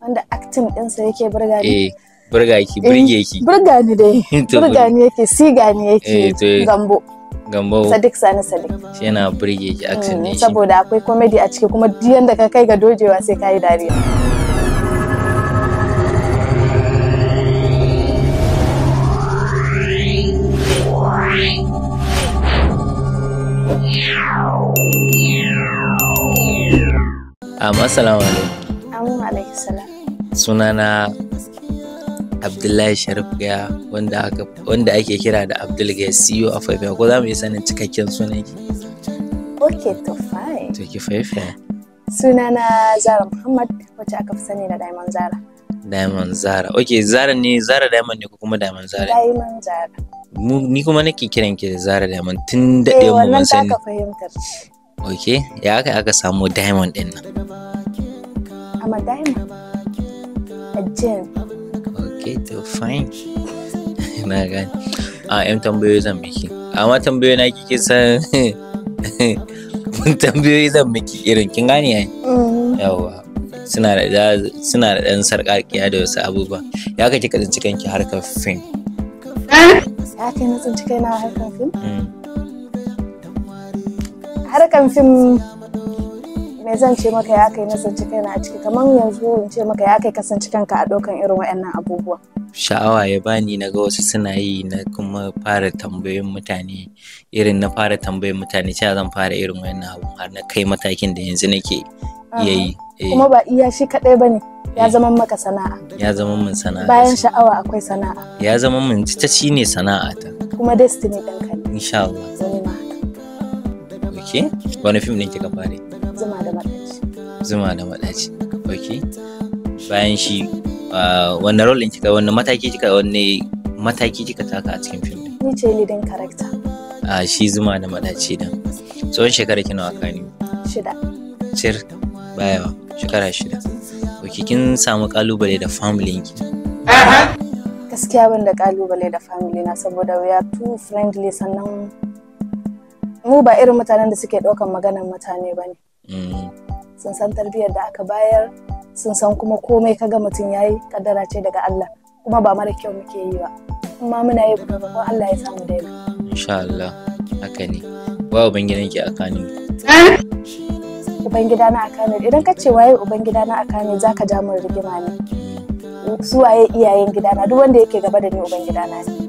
wanda acting ɗinsa yake burga ni. Eh, burga ki burge eh, ki. burga ni dai. burga ni yake siga ni yake eh, gambo. gambo sadik sani sadik shi yana burge ki action ne saboda akwai comedy a ciki kuma duk yanda ka kai ga dojewa sai ka yi dariya Um, assalamu alaikum. alaihissalam. Sunana Abdullahi Sharif Gaya wanda ake kira da Abdul Gaya CEO a Fafiya ko za mu yi sanin cikakken sunan ki? Ok to fine. To ki Fafiya. Sunana Zara Muhammad wacce aka fi sani da Diamond Zara. Diamond Zara. Ok Zara ne Zara Diamond ne ko kuma Diamond Zara? Diamond Zara. Ni kuma nake kiran ki da Zara Diamond tun eh, daɗe mu sani. Ok ya aka aka samu Diamond ɗin nan. I'm a diamond. A gem. Okay, to fine. Na gani. A yan tambayoyi zan miki. Amma tambayoyi na kike san tambayoyi zan miki irin kin gane yayi. Mm. Yawwa. Suna da suna da dan sarƙaƙiya da wasu abubuwa. Ya kake ka tsinci kanki harkar fim. Ya kai na tsinci kaina harkar fim? Mm. Harkar fim me zan ce maka ya kai na tsinci kaina a ciki kamar yanzu in ce maka ya kai kasance kanka a ɗaukan irin waɗannan abubuwa. Sha'awa ya bani na ga wasu suna yi na kuma fara tambayin mutane irin na fara tambayin mutane cewa zan fara irin waɗannan abun har na kai matakin da yanzu nake iya yi. Eh. Kuma ba iya shi kaɗai ba ne. ya eh. zama maka sana'a ya zama min sana'a bayan sha'awa akwai sana'a ya zama min ta shi ne sana'a ta kuma destiny ɗinka ne insha Allah wani fim ne kika fare zuma da maɗaci zuma da maɗaci ok bayan shi wanne role ɗin kika wanne mataki kika wanne mataki kika taka a cikin film ni ce leading character a shi zuma da maɗaci din tsawon shekara kina wa kani shida cir baya shekara shida ok kin samu kalubale da family ki gaskiya ban da kalubale da family na saboda we are too friendly sannan mu ba irin mutanen da suke ɗaukan maganar mutane ba ne sun san tarbiyyar da aka bayar sun san kuma komai kaga mutum yayi kaddara ce daga Allah kuma ba mara kyau muke yi ba kuma muna yi ko Allah ya samu dai insha Allah haka ne ba ubangidan ki akani eh? ubangida na ne. idan ka ce waye ubangida na za zaka ja mun rigima ne su waye iyayen gidana duk wanda yake gaba da ni ubangida na ne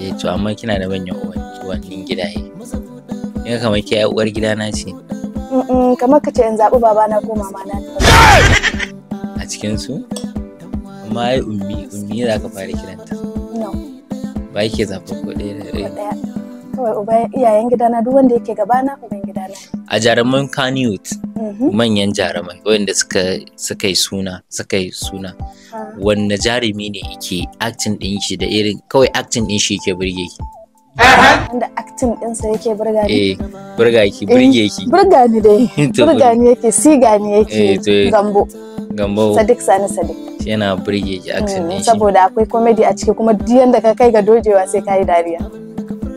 eh to amma kina da manyan uwan uwan gidaye ne. kamar ke uwar gidana ce kamar ka ce in zaɓi babana ko mama na a cikinsu amma ai ummi ummi za ka fara kiranta ba yake zaɓa ko ɗaya da ɗaya kawai uba iyayen gidana duk wanda yake gabana uban gidana a jaruman kaniyut mm-hmm. manyan jaruman, wanda suka suka yi suna suka yi suna ah. wanda jarumi ne yake acting din shi da irin kawai acting din shi yake burge ki wanda acting din sa yake burga ni eh. burga ki eh, burge ki burga ni dai burga ni yake ga ni yake eh, eh. gambo gambo sadik sani sadik yana burge ki mm, action ne saboda akwai comedy a ciki kuma duk yanda ka kai ga dojewa sai ka yi dariya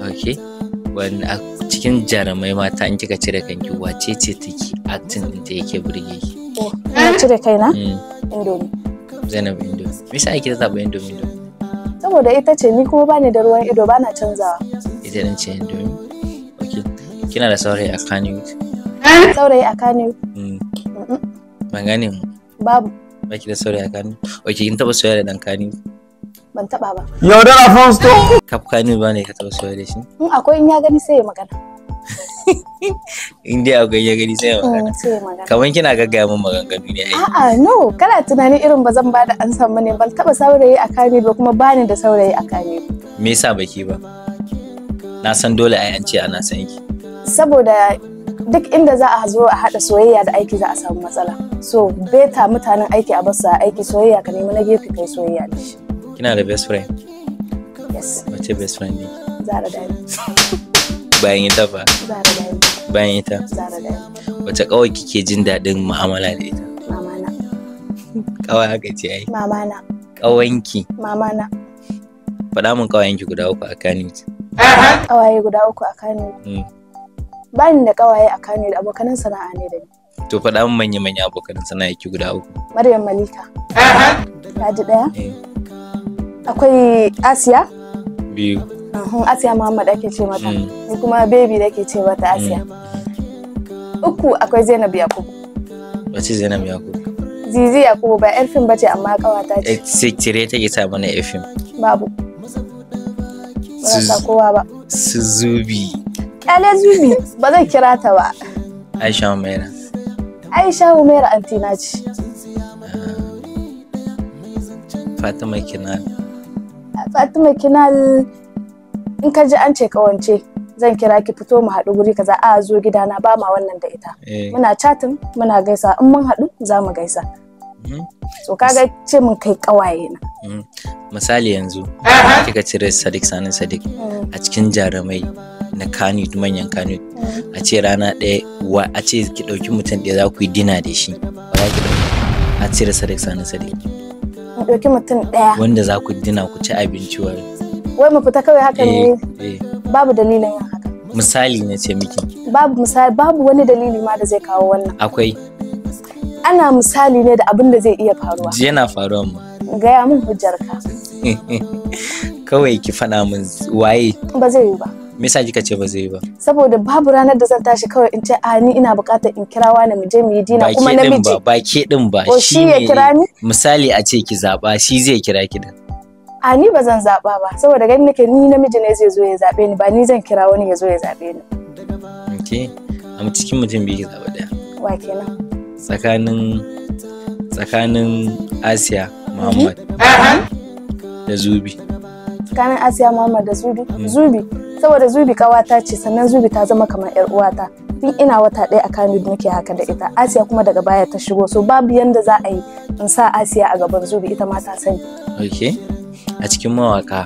okay wani a cikin jarumai mata in kika cire kanki wace ce take acting din ta yake burge ki oh, ina cire kaina mm. indomi zainab indomi me yasa kike zaba indomi saboda ita ce ni kuma bani da ruwan ido bana canzawa ita ne ce indomi kina da saurayi a Kano saurayi a Kano mm. ban gane babu ba ki da saurayi a Kano ok kin taba soya da dan kanu ban taba ba yaudara fons to kap kanu ba ne ka taba soya da shi akwai in ya gani sai ya magana in dai akwai ya gani sai ya magana mm, kamar kina gaggaya mun maganganu ne ai a'a no kana tunanin irin ba zan bada an san ne ban taba saurayi a Kano ba kuma bani da saurayi a Kano me yasa baki ba na san dole ai an ce ana san ki saboda duk inda za a zo a haɗa soyayya da aiki za a samu matsala so beta mutanen aiki a basa aiki soyayya ka nemi na gefe kai soyayya da shi kina da best friend yes wace best friend ne zara dani bayan ita fa zara dani bayan ita zara dani wace kawai kike jin daɗin mu'amala da ita mamana kawai haka ce ai mamana kawanki mamana faɗa min kawayenki guda uku a kanin kawaye guda uku a kanin ba ni da kawaye a Kano da abokanan sana'a ne da ni. To faɗa min manya manya abokanan sana'a ki guda uku. Maryam Malika. Ta ji ɗaya. Akwai Asiya. Biyu. Asiya Muhammad ake ce mata. Mm. Ni kuma baby da ke ce mata Asiya. Mm. Uku akwai Zainab Yakubu. Wace Zainab Yakubu? Zizi Yakubu ba yar fim bace amma kawata ce. Eh, sai cire ta ke mana yar fim. Babu. Ba kowa ba. Suzubi. kyale zubi ba zan kira ta ba aisha umaira aisha umaira antina ce fatima kinal fatima kinal in ka ji an ce kawance zan kira ki fito mu haɗu guri kaza a zo gidana ba ma wannan da ita eh. muna chatin muna gaisa in mun haɗu za mu gaisa mm-hmm. so kaga ce mun kai kawaye na mm-hmm. misali yanzu kika cire sadiq sanin sadiq mm. a cikin jarumai na kanu manyan kanu mm. a ce rana ɗaya wa a ce ki ɗauki mutum ɗaya za ku yi dina da shi za ki ɗauki a cire da sani sadik mu ɗauki mutum ɗaya wanda za ku dina ku ci abinci wa wai mu fita kawai haka ne eh, eh. babu dalilin yin haka misali na ce miki babu misali babu wani dalili ma da zai kawo wannan akwai ana misali ne da abin da zai iya faruwa yana faruwa ma gaya min hujjarka kawai ki faɗa min waye ba zai yi ba me yasa kika ce ba zai yi ba saboda babu ranar da zan tashi kawai in ce a ni ina buƙatar in kira wani mu je mu yi dina kuma namiji ba ba ke din ba shi ya kira ni misali a ce ki zaba shi zai kira ki din a ni ba zan zaba ba saboda gani nake ni namiji ne zai zo ya zabe ni ba ni zan kira wani ya zo ya zabe ni okay a cikin mutum biyu ki zaba daya wa kenan tsakanin tsakanin Asiya mhm. Muhammad da Zubi tsakanin Asiya Muhammad da Zubi mhm. Zubi saboda zubi kawata ce sannan zubi ta zama kamar yar uwata tun ina wata ɗaya a kanid nake haka da ita asiya kuma daga baya ta shigo so babu yanda za a yi in sa asiya a gaban zubi ita ma ta sani okay a cikin mawaka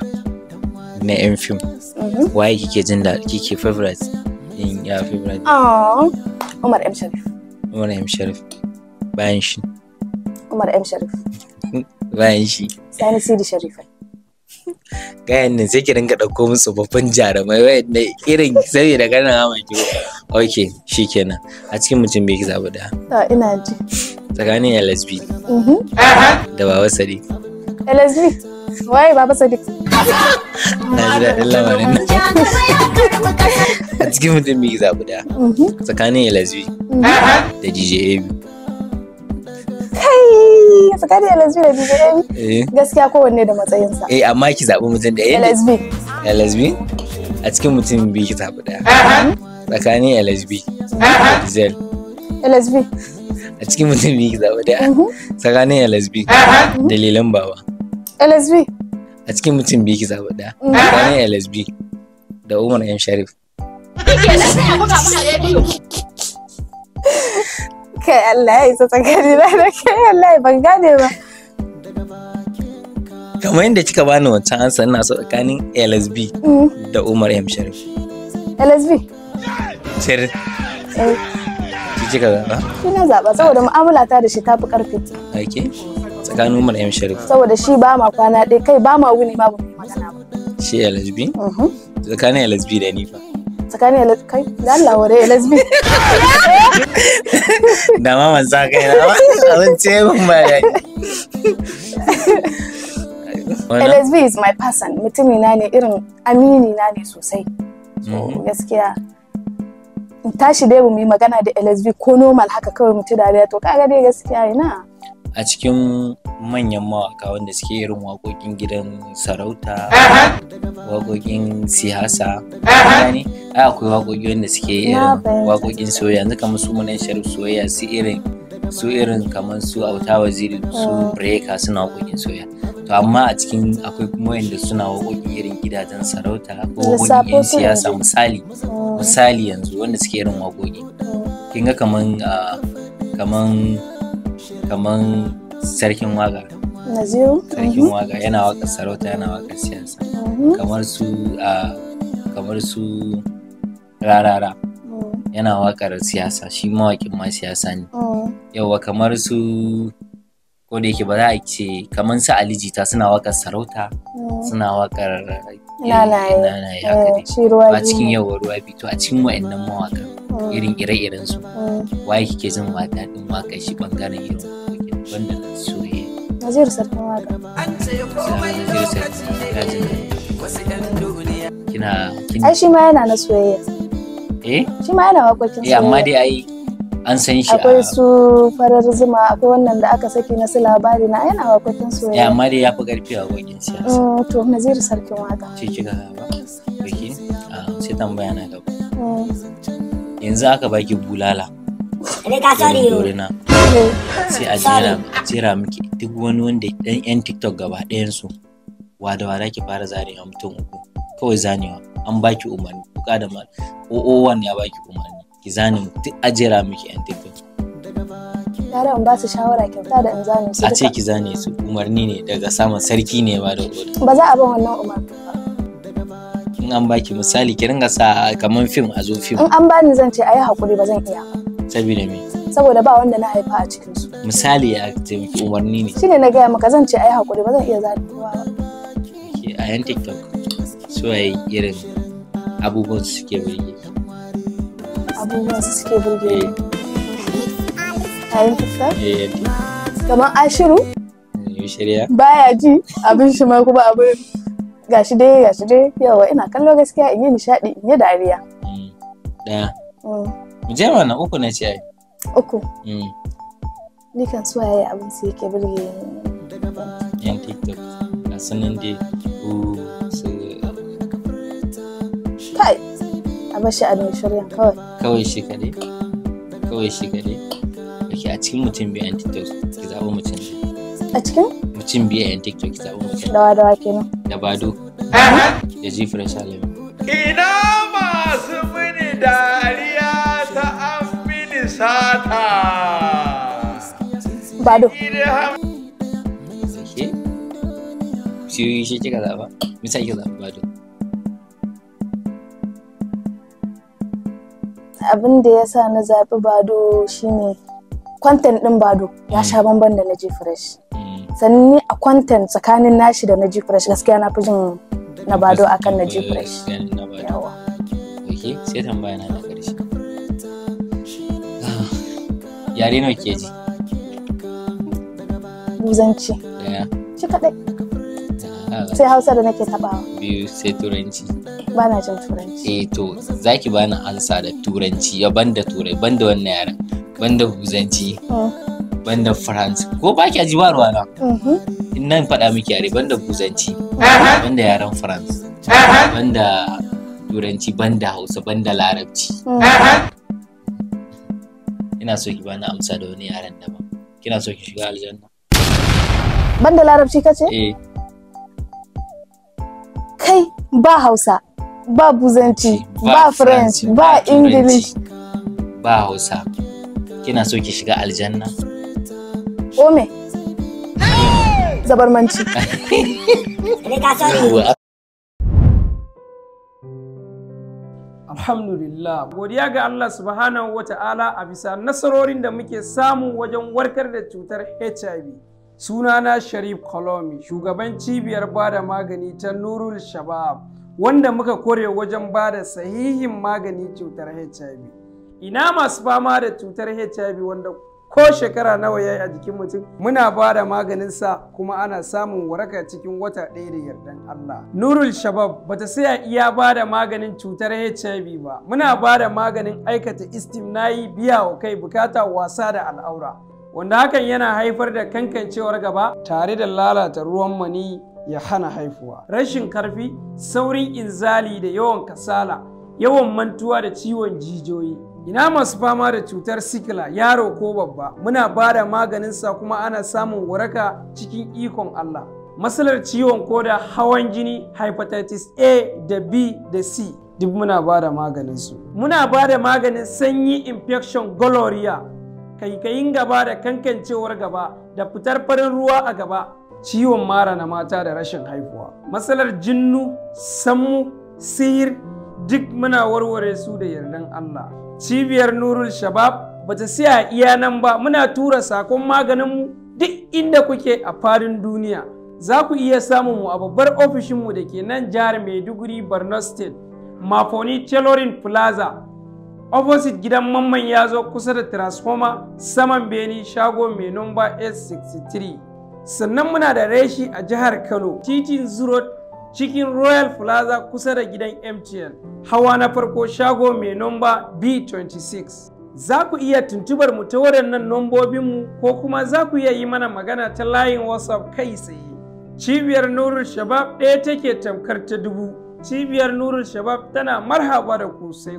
na yan fim mhm. waye kike jin da kike favorite in ya favorite oh Umar M Sharif Umar M Sharif bayan shi Umar M Sharif bayan shi Sani Sidi Sharifai gayan nan sai ki ringa ɗauko musu babban jarumai Wai da irin sai da ganin okay, ok kenan. a cikin mutum bai ki zaɓi da ta ah, ina ji tsakanin lsb mhm. da baba sadiq lsb waye baba sadiq na ji daɗin lamarin nan a cikin mutum bai ki zaɓi mhm. mhm. da tsakanin lsb da dj abu su kada LSB da DJ Rabi eh. gaskiya kowanne da matsayinsa eh amma ki zaɓi mutum da LSB LSB a cikin mutum biyu ki zaɓi ɗaya tsakanin LSB Zel LSB a cikin mutum biyu ki zaɓi ɗaya mhm. tsakanin LSB dalilan bawa LSB a cikin mutum biyu ki zaɓi ɗaya mhm. tsakanin LSB da Umar M Sharif kai Allah ya isa tsakani da kai Allah ban gane ba kamar yadda kika bani wancan ansa ina so tsakanin LSB mm. da Umar M Sharif LSB sir eh. ki kika zaba shi na zaba saboda mu'amala ta da shi ta fi karfi ake tsakanin Umar M Sharif saboda shi ba ma kwana ɗaya kai ba ma wuni ma ba magana ba shi LSB mhm. tsakanin LSB da ni fa tsakanin kai da Allah ware lesbi da ma man sa kai na abin ce mun bayani LSV is my person mutumi na ne irin amini na ne sosai mhm. gaskiya in tashi dai mu yi magana da LSV ko normal haka kawai mutu ci dariya to kaga dai gaskiya ina a cikin manyan mawaka wanda suke irin waƙoƙin gidan sarauta waƙoƙin siyasa ne ai akwai waƙoƙi wanda suke irin waƙoƙin soyayya yanzu kamar su munan sharif soyayya su irin su irin kamar su auta waziri su eh. breka suna waƙoƙin soyayya to amma a cikin akwai kuma wanda suna waƙoƙin irin gidajen sarauta ko waƙoƙin 'yan siyasa misali eh. misali yanzu wanda suke irin waƙoƙi eh. kin ga kaman ah, kaman kaman sarkin waka naziru sarkin waka yana waka sarauta yana waka siyasa mhm. kamar su kamar su rarara mhm. yana wakar siyasa shi mawakin ma siyasa ne mhm. yawa kamar su ko da yake ba za a ce kamar su alijita suna wakar sarauta suna wakar eh, nanaye eh, a cikin yawa ruwa bito a cikin wa'annan mawakan irin ire-iren su waye kike jin waka din waka shi bangaren yau Naziru sarkin waka. Ai shi ma yana na soyayya. Eh? Shi ma yana waƙoƙin soyayya. Eh amma dai ai an san shi akwai su farar zuma akwai wannan da aka saki na su labari na yana waƙoƙin soyayya. Eh amma dai ya fi ƙarfi a waƙoƙin siyasa. Mm, to Naziru sarkin waka. Ce kika ba. Baki ah, sai tambaya na gaba. Mm. Yanzu aka baki bulala. ne ka sai a jera jera miki duk wani wanda dan yan tiktok gaba ɗayan su wada wada ki fara zare zarewa mutum uku kawai zanewa an baki umarni kuka da mal o ya baki umarni ki zane duk a jera miki yan tiktok gara in ba su shawara kyauta da in zane su a ce ki zane su umarni ne daga saman sarki ne ba da oda ba za a ban wannan umarni in an baki misali ki ringa sa kamar fim a zo fim in an bani zan ce a yi haƙuri ba zan iya ba Saboda me? Saboda ba wanda na haifa a cikin su. Misali ya taimaki umarni ne. Shine na gaya maka zan ce ai hakuri ba zan iya zaɓuwa ba. A yan TikTok su waye irin abubuwan su suke burge. Abubuwan su suke burge. Eh. A yan TikTok? Eh. Kamar Ashiru? Shirya. Baya ji abin shi ma kuma abin gashi dai gashi dai yawa ina kallo gaskiya in yi nishaɗi in yi dariya. Ɗaya. Mm. Mm. je na uku na ce ai uku mm. ni kan so yayi abin sai yake burge ni yan tiktok na sanin dai ku su kai a bashi a don shirya kawai kawai shi kadai kawai shi kadai ok a cikin mutum biyu yan tiktok ki zaɓi mutum a cikin mutum biyu yan tiktok ki zaɓi mutum dawa dawa kenan da bado eh, eh. da jifin shalim ina masu mini da sata bado ke shi shi kika zaba misali kika zaba bado abin da ya sa na zaɓi bado shine kwantan ɗin bado ya sha mm. bamban da na ji fresh mm. sannan ni a kwantan tsakanin nashi da na ji fresh gaskiya na fi jin na bado akan na ji fresh yawa sai tambaya na yare nawa ke ji buzanci daya shi kadai sai hausa da nake tabawa biyu sai turanci ba na jin turanci eh to zaki bani ansa da turanci ya banda turai banda wannan yaren banda buzanci mm. banda france ko ba ki ji ba ruwa na mm-hmm. in nan faɗa miki yare banda buzanci banda yaren france banda turanci banda hausa banda larabci mm-hmm. Kina so ki bani amsa da wani yaren daban kina so ki shiga aljanna ban da larabci kace eh kai ba hausa ba buzanci ba french ba english ba hausa kina so ki shiga aljanna ome zabarmanci Alhamdulillah. Godiya ga Allah subhanahu wa ta'ala a bisa nasarorin da muke samu wajen warkar da cutar HIV. Sunana Sharif Kolomi, shugaban cibiyar bada magani ta Nurul Shabab, wanda muka kore wajen bada sahihin magani cutar HIV. Ina masu fama da cutar HIV wanda ko shekara nawa ya yi a jikin mutum muna ba da maganin sa kuma ana samun waraka cikin wata ɗaya da yardan Allah Nurul Shabab bata saya iya ba da maganin cutar HIV ba muna ba da maganin aikata istimnayi biya wa kai bukata wasa da al'aura wanda hakan yana haifar da kankancewar gaba tare da lalata ruwan mani ya hana haifuwa rashin karfi saurin inzali da yawan kasala yawan mantuwa da ciwon jijiyoyi ina masu fama da cutar sikila yaro ko babba muna ba da maganinsa kuma ana samun waraka cikin ikon Allah matsalar ciwon koda hawan jini hepatitis A da B da C duk muna ba da maganinsu muna ba da maganin sanyi infection gonorrhea kaikayin gaba da kankancewar gaba da fitar farin ruwa a gaba ciwon mara na mata da rashin haihuwa matsalar jinnu sammu sihir duk muna warware su da yardan Allah cibiyar nurul shabab ba ta siya iya nan ba muna tura sakon maganinmu duk inda kuke a fadin duniya za ku iya samun mu a babbar ofishinmu da ke nan jihar maiduguri borno state mafoni tailoring plaza opposite gidan mamman ya zo kusa da transformer saman beni shago mai nomba s63 sannan muna da reshi a jihar kano titin zuro cikin royal plaza kusa da gidan mtn hawa na farko shago mai nomba b26 za ku iya tuntubar mu ta waɗannan mu? ko kuma za ku iya yi mana magana ta layin whatsapp kai tsaye cibiyar nurul shabab ɗaya take tamkar ta dubu cibiyar nurul shabab tana marhaba da ku sai